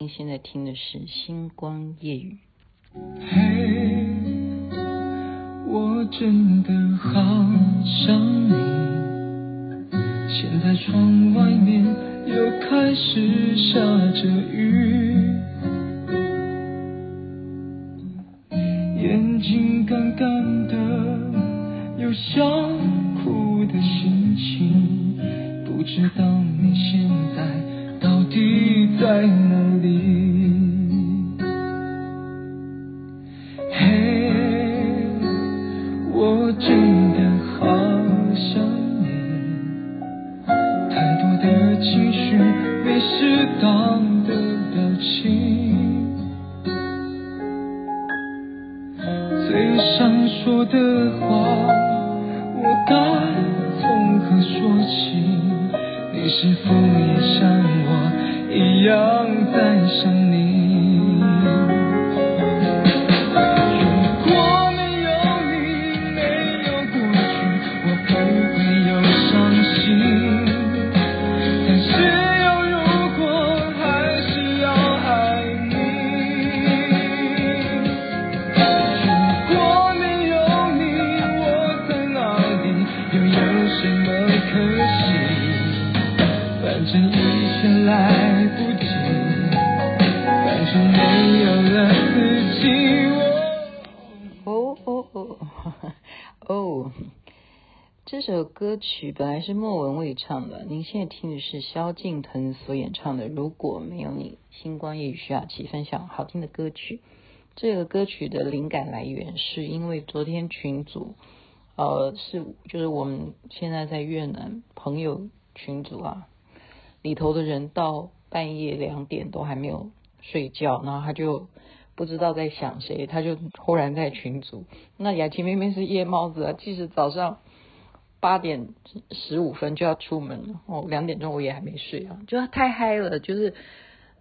你現在聽的是《星光夜語》。嘿，我真的好想你。現在窗外面又開始下着雨，眼睛乾乾的，有想哭的心情，不知道。歌曲本來是莫文蔚唱的，您現在聽的是蕭敬騰所演唱的《如果沒有你》。星光夜語與徐雅琪分享好聽的歌曲。這個歌曲的靈感來源是因為昨天群組，呃，是就是我們現在在越南朋友群組啊，裡頭的人到半夜兩點都還沒有睡覺，然後他就不知道在想誰，他就忽然在群組。那雅琪妹妹是夜貓子啊，即使早上。八點十五分，就要出門了，哦，兩點鐘我也還沒睡啊，就太嗨了，就是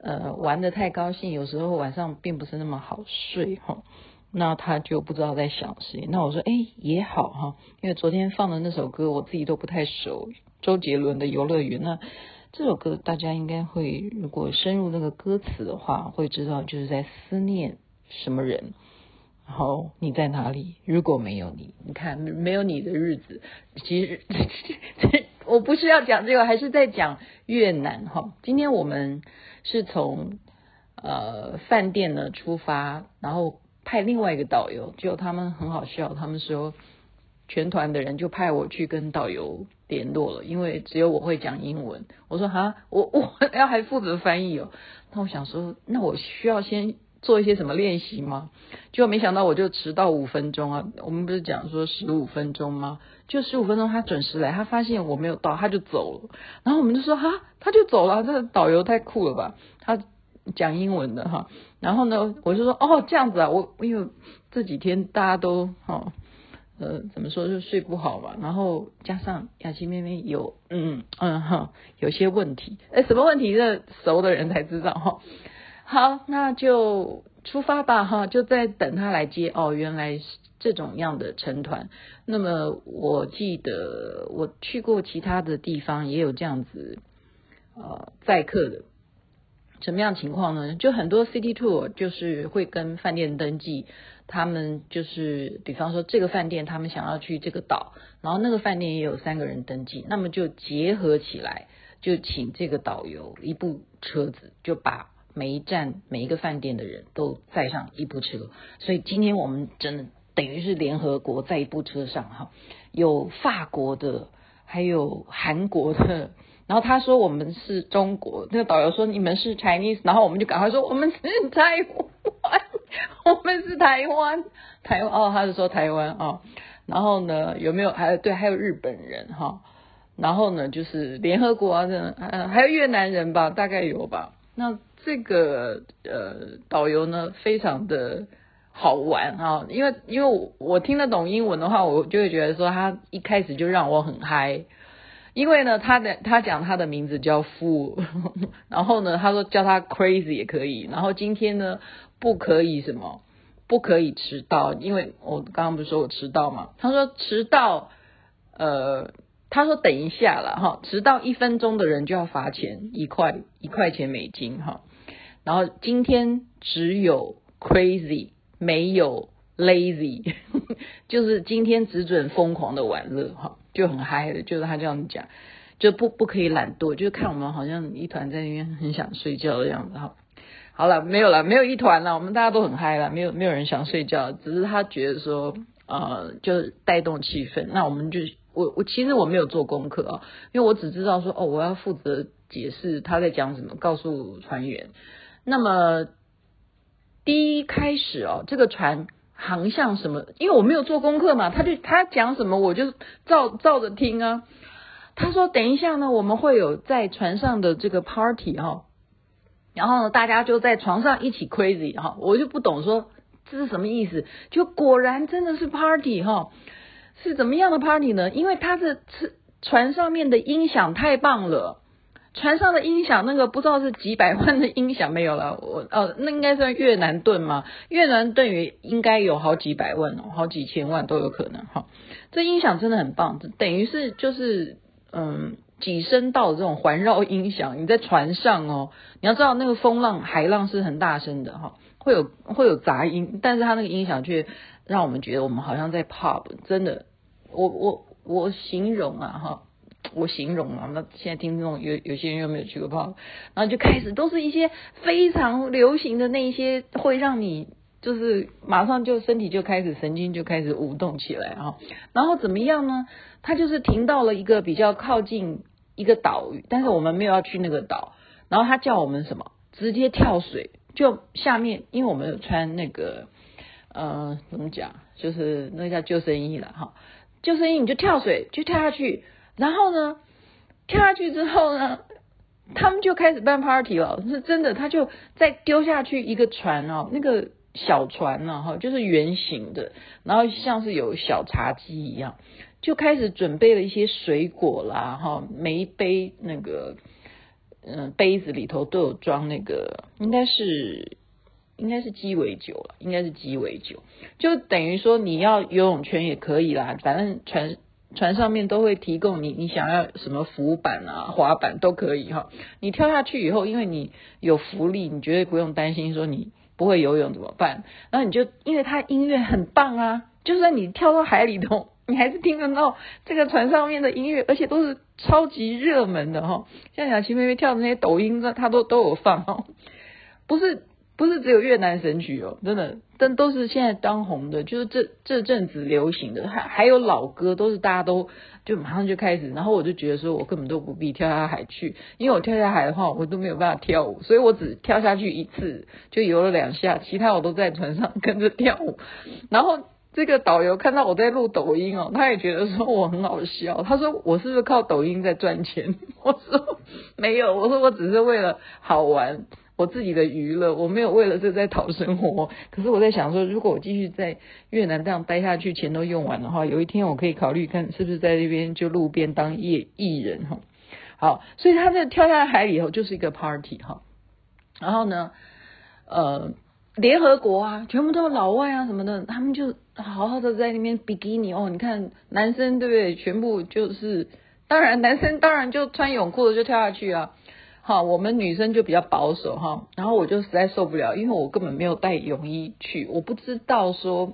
呃玩得太高興，有時候晚上並不是那麼好睡哈、哦，那他就不知道在想誰，那我說哎、欸、也好哈，因為昨天放的那首歌我自己都不太熟，周杰倫的《遊樂園》，那這首歌大家應該會，如果深入那個歌詞的話，會知道就是在思念什麼人。好，oh, 你在哪裡？如果沒有你，你看沒有你的日子，其實，其實我不是要講這個，還是在講越南哈。今天我們是從呃飯店呢出發，然後派另外一個導遊，就他們很好笑，他們說全團的人就派我去跟導遊聯絡了，因為只有我會講英文。我說哈，我我要還負責翻譯哦、喔。那我想說，那我需要先。做一些什麼練習嗎？就沒想到我就遲到五分鐘啊！我們不是講說十五分鐘嗎？就十五分鐘，他準時來，他發現我沒有到，他就走了。然後我們就說哈，他就走了，這個導遊太酷了吧？他講英文的哈。然後呢，我就說哦，這樣子啊，我我因為這幾天大家都哈、哦、呃怎麼說就睡不好吧。然後加上雅琪妹妹有嗯嗯哈、哦、有些問題，哎什麼問題？這熟的人才知道哈。哦好，那就出發吧，哈，就在等他來接哦。原來是這種樣的成團，那麼我記得我去過其他的地方也有這樣子，呃，載客的什麼樣情況呢？就很多 city tour 就是會跟飯店登記，他們就是比方說這個飯店他們想要去這個島，然後那個飯店也有三個人登記，那麼就結合起來，就請這個導遊，一部車子就把。每一站每一個飯店的人都載上一部車，所以今天我們真的等於是聯合國在一部車上哈，有法國的，還有韓國的，然後他說我們是中國，那個導遊說你們是 Chinese，然後我們就趕快說我們是台灣，我們是台灣，台灣哦，他是說台灣哦。然後呢，有沒有還有對，還有日本人哈，哦，然後呢就是聯合國啊，還有越南人吧，大概有吧，那。這個呃導遊呢非常的好玩啊，因為因為我，我聽得懂英文的話，我就會覺得說他一開始就讓我很嗨。因為呢，他的他講他的名字叫富。然後呢，他說叫他 Crazy 也可以。然後今天呢，不可以什麼，不可以遲到，因為我剛剛不是說我遲到嘛？他說遲到，呃，他說等一下啦。哈、啊，遲到一分鐘的人就要罰錢一塊一塊錢美金哈。啊然後今天只有 crazy 沒有 lazy，就是今天只准瘋狂的玩樂哈，就很嗨的，就是他這樣講，就不不可以懶惰，就是看我們好像一團在那邊很想睡覺的樣子哈。好了，沒有了，沒有一團了，我們大家都很嗨了，沒有沒有人想睡覺，只是他覺得說，呃，就帶動氣氛。那我們就我我其實我沒有做功課啊、哦，因為我只知道說，哦，我要負責解釋他在講什麼，告訴團員。那麼第一開始哦，這個船航向什麼？因為我沒有做功課嘛，他就他講什麼我就照照着聽啊。他說等一下呢，我們會有在船上的這個 party 哈，然後呢大家，就在床上一起 crazy 哈，我就不懂說，這是什麼意思。就果然真的是 party 哈，是怎麼樣的 party 呢？因為他的吃船上面的音響太棒了。船上的音響，那個不知道是幾百萬的音響沒有了。我哦，那應該算越南盾嗎？越南盾也應該有好幾百萬哦，好幾千萬都有可能。哈、哦，這音響真的很棒，等於是就是嗯幾聲道的這種環繞音響。你在船上哦，你要知道那個風浪海浪是很大聲的哈、哦，會有會有雜音，但是它那個音響卻讓我們覺得我們好像在跑，真的，我我我形容啊哈。哦我形容啊，那現在聽眾有有些人又沒有去過泡，然後就開始都是一些非常流行的那一些，會讓你就是馬上就身體就開始神經就開始舞動起來啊、哦，然後怎麼樣呢？他就是停到了一個比較靠近一個島嶼，但是我們沒有要去那個島。然後他叫我們什麼？直接跳水，就下面，因為我們有穿那個呃怎麼講，就是那叫救生衣了哈、哦，救生衣你就跳水，就跳下去。然後呢，跳下去之後呢，他們就開始辦 party 了。是真的，他就再丟下去一個船哦，那個小船呢、啊，哈、哦，就是圓形的，然後像是有小茶几一樣，就開始準備了一些水果啦，哈、哦，每一杯那個，嗯、呃，杯子裡頭都有裝那個，應該是，應該是雞尾酒了，應該是雞尾酒，就等於說你要游泳圈也可以啦，反正船。船上面都會提供你，你想要什麼浮板啊、滑板都可以哈。你跳下去以後，因為你有浮力，你絕對不用擔心說你不會游泳怎麼辦。然後你就因為它音樂很棒啊，就算你跳到海裡頭，你還是聽得到這個船上面的音樂，而且都是超級熱門的哈。像小七妹妹小琪跳的那些抖音它都都有放哈，不是。不是只有越南神曲哦，真的，但都是現在當紅的，就是這這陣子流行的，還還有老歌，都是大家都就馬上就開始。然後我就覺得說，我根本都不必跳下海去，因為我跳下海的話，我都沒有辦法跳舞，所以我只跳下去一次，就游了兩下，其他我都在船上跟着跳舞。然後這個導遊看到我在錄抖音哦，他也覺得說我很好笑，他說我是不是靠抖音在賺錢？我說沒有，我說我只是為了好玩。我自己的娛樂，我沒有為了這在討生活。可是我在想說，如果我繼續在越南這樣待下去，錢都用完了的話，有一天我可以考慮看是不是在這邊就路邊當藝藝人哈。好，所以他在跳下海以後就是一個 party 哈。然後呢，呃，聯合國啊，全部都是老外啊什麼的，他們就好好的在那邊比基尼。哦，你看男生對不對？全部就是，當然男生當然就穿泳褲就跳下去啊。好，我們女生就比較保守哈，然後我就實在受不了，因為我根本沒有帶泳衣去，我不知道說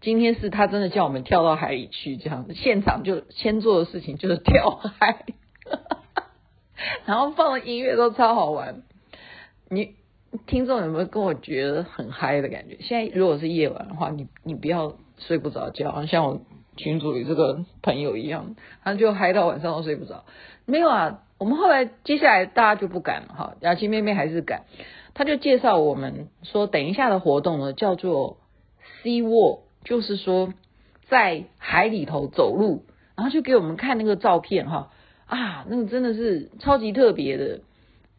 今天是他真的叫我們跳到海裡去，這樣子現場就先做的事情就是跳海，然後放的音樂都超好玩，你聽眾有沒有跟我覺得很嗨的感覺？現在如果是夜晚的話，你你不要睡不着覺，像我群組裡這個朋友一樣，他就嗨到晚上都睡不着，沒有啊。我們後來，接下來，大家就不敢了哈，雅琪妹妹還是敢，她就介紹我們說，等一下的活動呢，叫做 “Sea Walk”，就是說在海裡頭走路，然後就給我們看那個照片哈，啊，那個真的是超級特別的，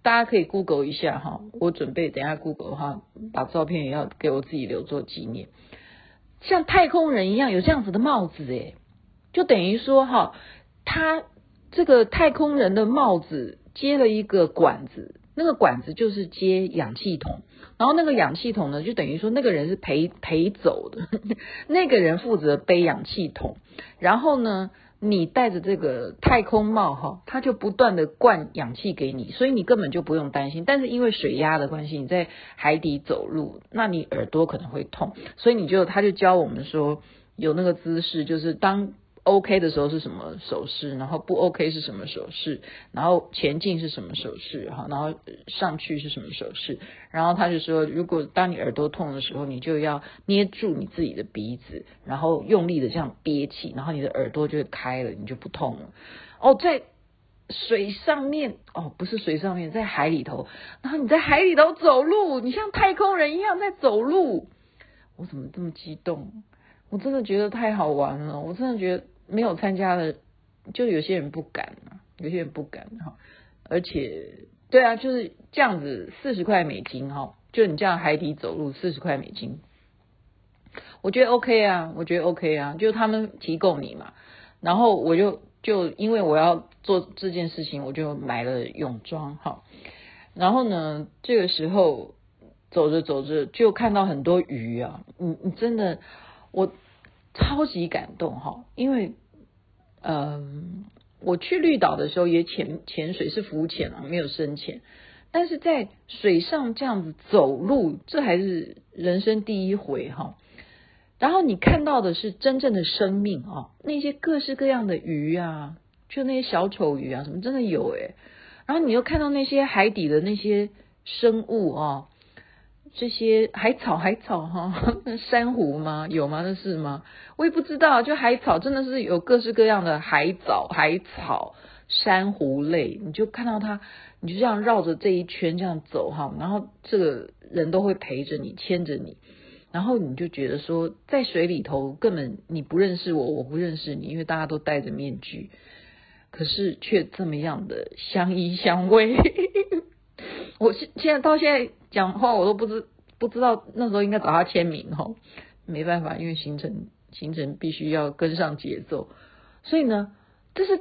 大家可以 Google 一下哈，我準備等一下 Google 的話，把照片也要給我自己留作紀念，像太空人一樣有這樣子的帽子哎，就等於說哈，他。這個太空人的帽子接了一個管子，那個管子就是接氧氣筒，然後那個氧氣筒呢，就等於說那個人是陪陪走的呵呵，那個人負責背氧氣筒，然後呢，你戴着這個太空帽哈，他就不斷地灌氧氣給你，所以你根本就不用擔心。但是因為水壓的關係，你在海底走路，那你耳朵可能會痛，所以你就他就教我們說有那個姿勢，就是當。OK 的時候是什麼手勢？然後不 OK 是什麼手勢？然後前進是什麼手勢？哈，然後上去是什麼手勢？然後他就說，如果當你耳朵痛的時候，你就要捏住你自己的鼻子，然後用力的這樣憋氣，然後你的耳朵就會開了，你就不痛了。哦，在水上面哦，不是水上面，在海裡頭。然後你在海裡頭走路，你像太空人一樣在走路。我怎麼這麼激動？我真的覺得太好玩了，我真的覺得。沒有參加的，就有些人不敢，有些人不敢哈。而且，對啊，就是這樣子，四十塊美金哈，就你這樣海底走路，四十塊美金，我覺得 OK 啊，我覺得 OK 啊，就他們提供你嘛。然後我就就因為我要做這件事情，我就買了泳裝哈。然後呢，這個時候走着走着就看到很多魚啊，你你真的我超級感動哈，因為。嗯，我去綠島的時候也潛潛水，是浮潛啊，沒有深潛。但是在水上這樣子走路，這還是人生第一回哈、哦。然後你看到的是真正的生命啊、哦，那些各式各樣的魚啊，就那些小丑魚啊，什麼真的有哎。然後你又看到那些海底的那些生物啊、哦。這些海草，海草哈，珊瑚嗎？有嗎？那是嗎？我也不知道。就海草真的是有各式各樣的海藻、海草、珊瑚類。你就看到它，你就這樣繞着這一圈這樣走哈，然後這個人都會陪着你，牽着你，然後你就覺得說，在水裡頭根本你不認識我，我不認識你，因為大家都戴着面具，可是卻這麼樣的相依相偎。 我現現在到現在講話，我都不知不知道，那時候應該找他簽名齁，沒辦法，因為行程行程必須要跟上節奏，所以呢，就是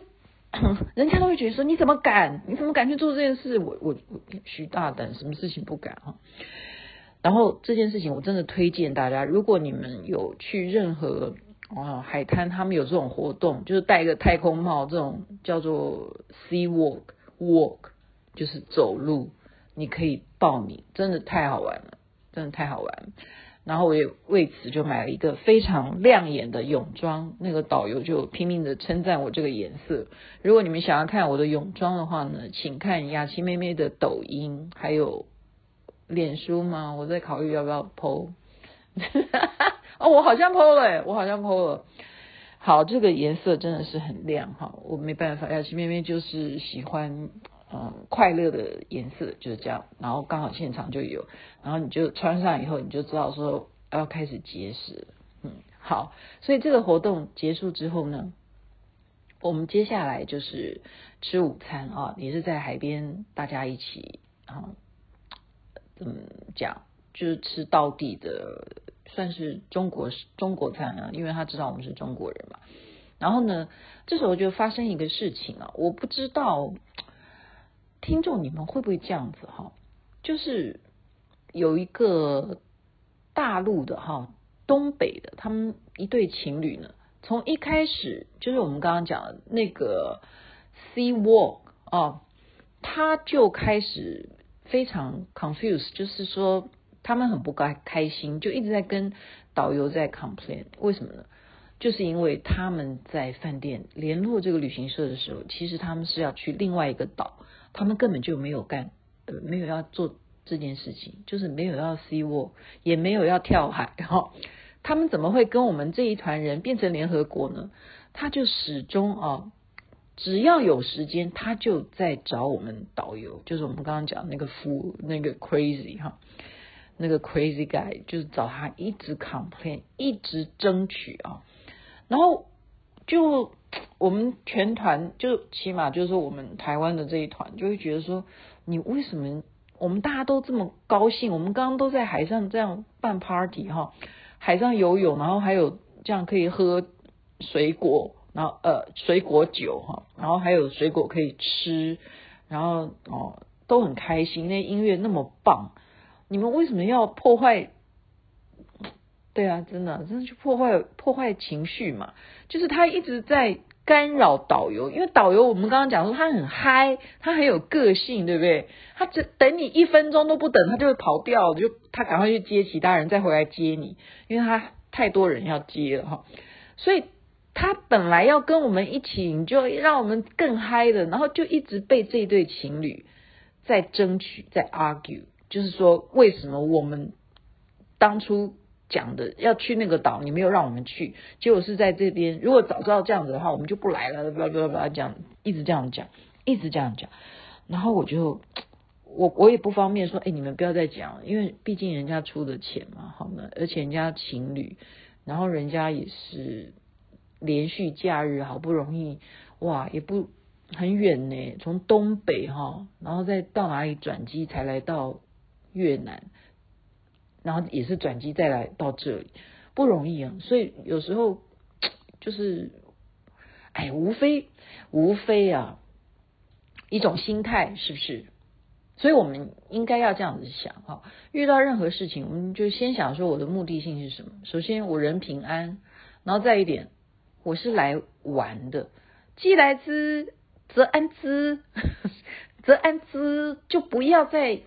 人家都會覺得說，你怎麼敢？你怎麼敢去做這件事？我我我許大膽，什麼事情不敢哈？然後這件事情我真的推薦大家，如果你們有去任何啊海灘，他們有這種活動，就是戴一個太空帽這種叫做 Sea Walk Walk，就是走路。你可以報名，真的太好玩了，真的太好玩。然後我也為此就買了一個非常亮眼的泳裝，那個導遊就拼命的稱讚我這個顏色。如果你們想要看我的泳裝的話呢，請看雅琪妹妹的抖音，還有臉書嗎？我在考慮要不要 po。 哦，我好像 po 了，欸、我好像 po 了。好，這個顏色真的是很亮哈，我沒辦法，雅琪妹妹就是喜歡。嗯，快樂的顏色就是這樣。然後剛好現場就有，然後你就穿上以後，你就知道說要開始節食。嗯，好，所以這個活動結束之後呢，我們接下來就是吃午餐啊，也是在海邊，大家一起啊，怎麼講，就是吃道地的，算是中國中國餐啊，因為他知道我們是中國人嘛。然後呢，這時候就發生一個事情啊，我不知道。聽眾，你們會不會這樣子哈？就是有一個大陸的哈，東北的，他們一對情侶呢。從一開始就是我們剛剛講的那個 Sea Walk 哦，他就開始非常 confused，就是說他們很不開心，就一直在跟導遊在 complain，為什麼呢？就是因為他們在飯店聯絡這個旅行社的時候，其實他們是要去另外一個島。他們根本就沒有幹、呃，沒有要做這件事情，就是沒有要 sea walk，也沒有要跳海，哈、哦。他們怎麼會跟我們這一團人變成聯合國呢？他就始終啊、哦，只要有時間，他就在找我們導遊，就是我們剛剛講那個副那個 crazy 哈、哦，那個 crazy guy，就是找他一直 complain，一直爭取啊、哦，然後就。我們全團就起碼就是說，我們台灣的這一團就會覺得說，你為什麼我們大家都這麼高興？我們剛剛都在海上這樣辦 party 哈，海上游泳，然後還有這樣可以喝水果，然後呃水果酒哈，然後還有水果可以吃，然後哦都很開心，那音樂那麼棒，你們為什麼要破壞？對啊，真的，真的就破壞破壞情緒嘛，就是他一直在干擾導遊，因為導遊我們剛剛講說他很嗨，他很有個性，對不對？他只等你一分鐘都不等，他就會跑掉，就他趕快去接其他人，再回來接你，因為他太多人要接了。哈。所以他本來要跟我們一起，就讓我們更嗨的，然後就一直被這對情侶在爭取，在 argue，就是說為什麼我們當初講的要去那個島，你沒有讓我們去，結果是在這邊。如果早知道這樣子的話，我們就不來了。不要不要不要這樣一直這樣講，一直這樣講。然後我就我我也不方便說，哎，你們不要再講，因為畢竟人家出的錢嘛，好嗎？而且人家情侶，然後人家也是連續假日，好不容易哇，也不很遠呢，從東北哈、哦，然後再到哪裡轉機才來到越南。然後也是轉機，再來到這裡不容易啊！所以有時候就是，哎，無非無非啊，一種心態，是不是？所以我們應該要這樣子想哈。遇到任何事情，我們就先想說我的目的性是什麼。首先我人平安，然後再一點，我是來玩的。既來之，則安之，則安之，就不要再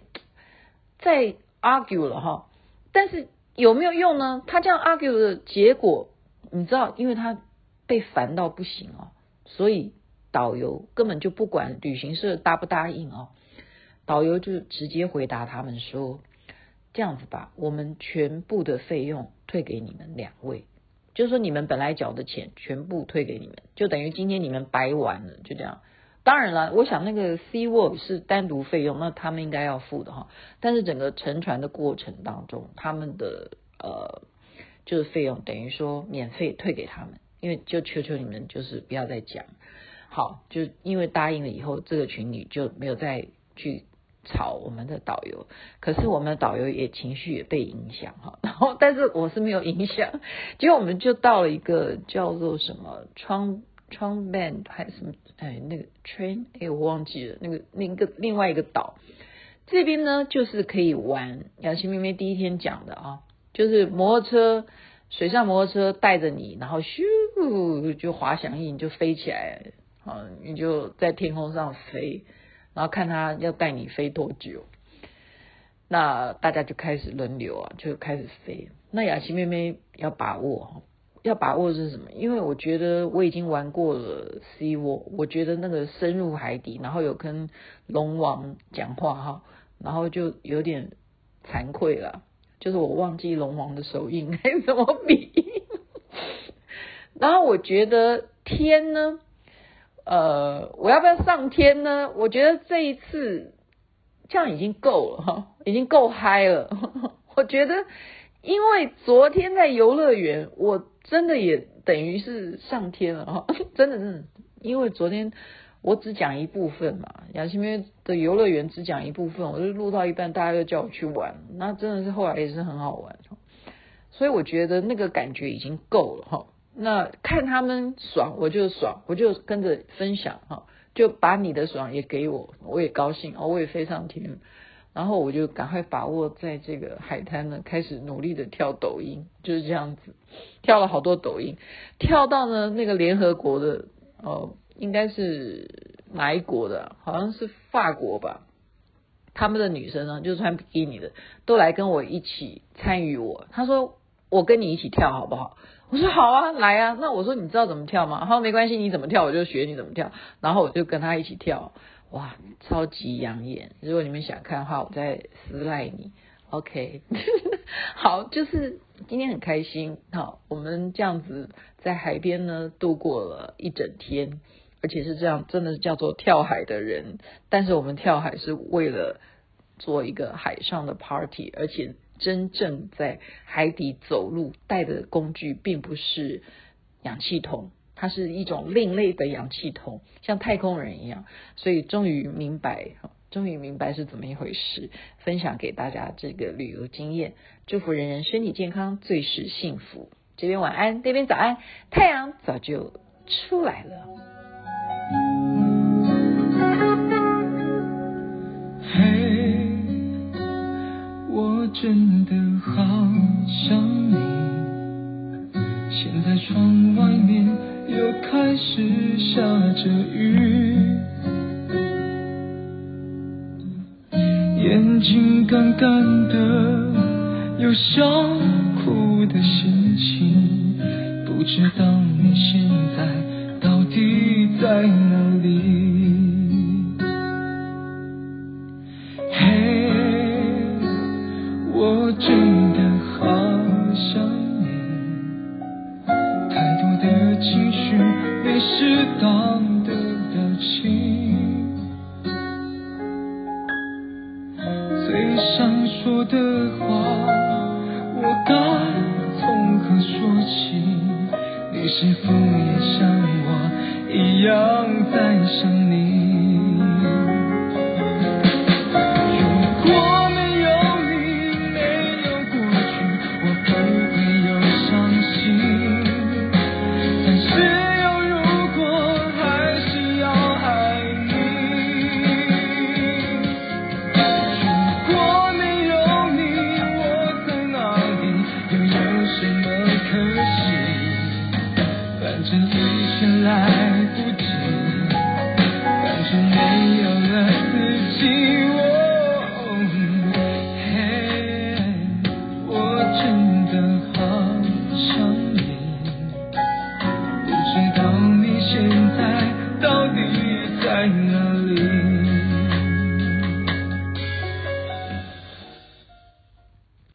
再 argue 了哈。但是有沒有用呢？他這樣 argue 的結果，你知道，因為他被煩到不行哦，所以導遊根本就不管旅行社答不答應哦。導遊就直接回答他們說：這樣子吧，我們全部的費用退給你們兩位，就是說你們本來繳的錢全部退給你們，就等於今天你們白玩了，就這樣。當然了，我想那個 Sea World 是單獨費用，那他們應該要付的哈。但是整個乘船的過程當中，他們的呃就是費用等於說免費退給他們，因為就求求你們就是不要再講。好，就因為答應了以後，這個群裡就沒有再去吵我們的導遊。可是我們的導遊也情緒也被影響哈。然後，但是我是沒有影響。結果我們就到了一個叫做什麼窗。窗 band 還是什麼？哎，那個 train，哎、欸，我忘記了。那個另一個另外一個島，這邊呢就是可以玩。雅琪妹妹第一天講的啊，就是摩托車，水上摩托車帶着你，然後咻就滑翔翼你就飛起來，啊，你就在天空上飛，然後看它要帶你飛多久。那大家就開始輪流啊，就開始飛。那雅琪妹妹要把握、啊。要把握的是什麼？因為我覺得我已經玩過了 C 我我覺得那個深入海底，然後有跟龍王講話哈，然後就有點慚愧了，就是我忘記龍王的手印該怎麼比。 然後我覺得天呢，呃，我要不要上天呢？我覺得這一次這樣已經夠了哈，已經夠嗨了。 我覺得。因為昨天在遊樂園，我真的也等於是上天了哈，真的真的，因為昨天我只講一部分嘛，雅琪妹的遊樂園只講一部分，我就錄到一半，大家都叫我去玩，那真的是後來也是很好玩，所以我覺得那個感覺已經夠了哈。那看他們爽，我就爽，我就跟着分享哈，就把你的爽也給我，我也高興，我也飛上天。然後我就趕快把握，在這個海灘呢，開始努力的跳抖音，就是這樣子，跳了好多抖音，跳到呢那個聯合國的哦，應該是哪一國的？好像是法國吧，她們的女生呢就是穿比基尼的，都來跟我一起參與我。她說，我跟你一起跳好不好？我說好啊，來啊。那我說，你知道怎麼跳嗎？她說沒關係，你怎麼跳我就學你怎麼跳。然後我就跟她一起跳。哇，超級養眼！如果你們想看的話，我再私賴你。OK， 好，就是今天很開心。好，我們這樣子在海邊呢度過了一整天，而且是這樣，真的是叫做跳海的人。但是我們跳海是為了做一個海上的 party，而且真正在海底走路帶的工具並不是氧氣筒。它是一種另類的氧氣筒，像太空人一樣，所以終於明白，終於明白是怎麼一回事。分享給大家這個旅遊經驗，祝福人人身體健康，最是幸福。這邊晚安，那邊早安，太陽早就出來了。嘿，hey, 我真的好想你，現在窗外面。又開始下着雨，眼睛乾干的，有想哭的心情，不知道你是。